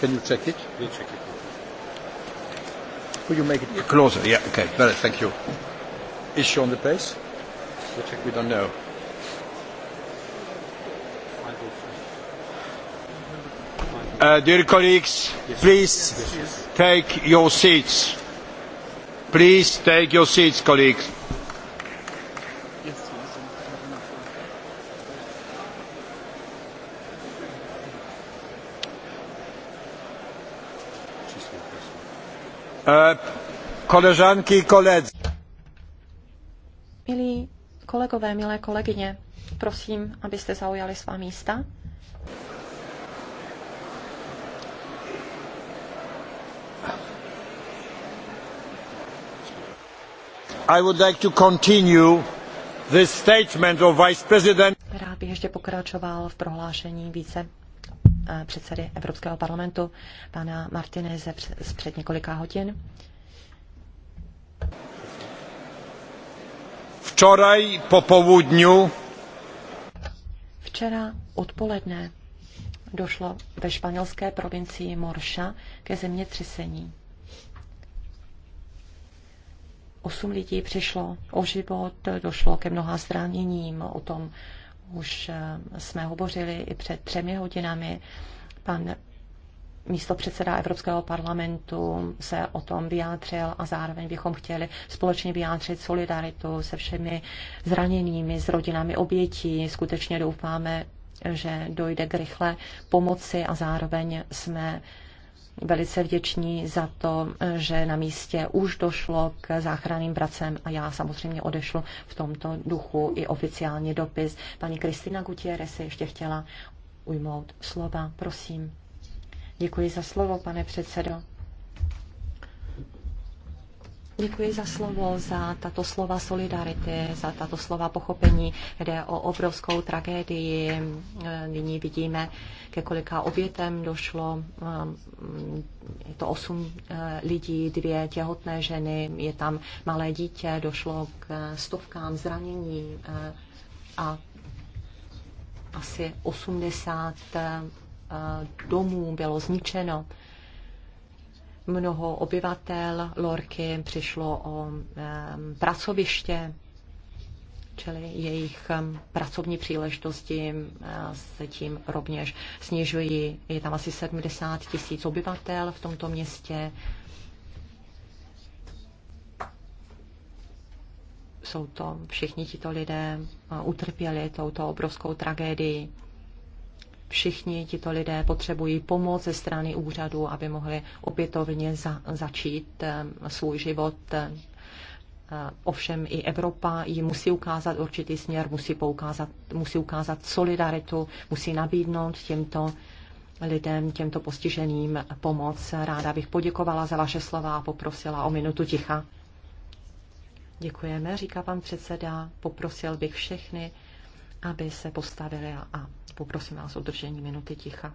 Can you check it? We check it. Will you make it closer? Yeah, okay. Very, thank you. Is she on the place? We check. We don't know. Uh, dear colleagues, yes. please yes. take your seats. Please take your seats, colleagues. Eh, koleżanki koledzy. Milí kolegové, milé kolegyně, prosím, abyste zaujali svá místa. I would like to continue this statement of Vice President. Rád bych ještě pokračoval v prohlášení více Eh, předsedy Evropského parlamentu, pana Martineze, z před několika hodin. Včoraj po povodňu. Včera odpoledne došlo ve španělské provincii Morša ke zemětřesení. Osm lidí přišlo o život, došlo ke mnoha zraněním, o tom už eh, jsme hovořili i před třemi hodinami. Pan místo předseda Evropského parlamentu se o tom vyjádřil a zároveň bychom chtěli společně vyjádřit solidaritu se všemi zraněnými, s rodinami obětí. Skutečně doufáme, že dojde k rychlé pomoci a zároveň jsme uh, velice vděční za to, že na místě už došlo k záchranným pracem a já samozřejmě odešlu v tomto duchu i oficiální dopis. Paní Kristina Gutierrez se ještě chtěla ujmout slova. Prosím. Děkuji za slovo, pane předsedo. Děkuji za slovo, za tato slova solidarity, za tato slova pochopení. Jde o obrovskou tragédii. Nyní vidíme, ke kolika obětem došlo. Je to osm eh, lidí, dvě těhotné ženy, je tam malé dítě, došlo k stovkám zranění eh, a asi 80 eh, domů bylo zničeno mnoho obyvatel Lorky přišlo o um, pracoviště, čili jejich um, pracovní příležitosti um, se tím rovněž snižují. Je tam asi 70 tisíc obyvatel v tomto městě. Jsou to všichni tito lidé, uh, utrpěli touto obrovskou tragédii všichni tito lidé potřebují pomoc ze strany úřadu, aby mohli opětovně za, začít svůj život. Eh, ovšem i Evropa ji musí ukázat určitý směr, musí, poukázat, musí ukázat solidaritu, musí nabídnout těmto lidem, těmto postiženým pomoc. Ráda bych poděkovala za vaše slova a poprosila o minutu ticha. Děkujeme, říká pan předseda. Poprosil bych všechny aby se postavili a poprosím vás o držení minuty ticha.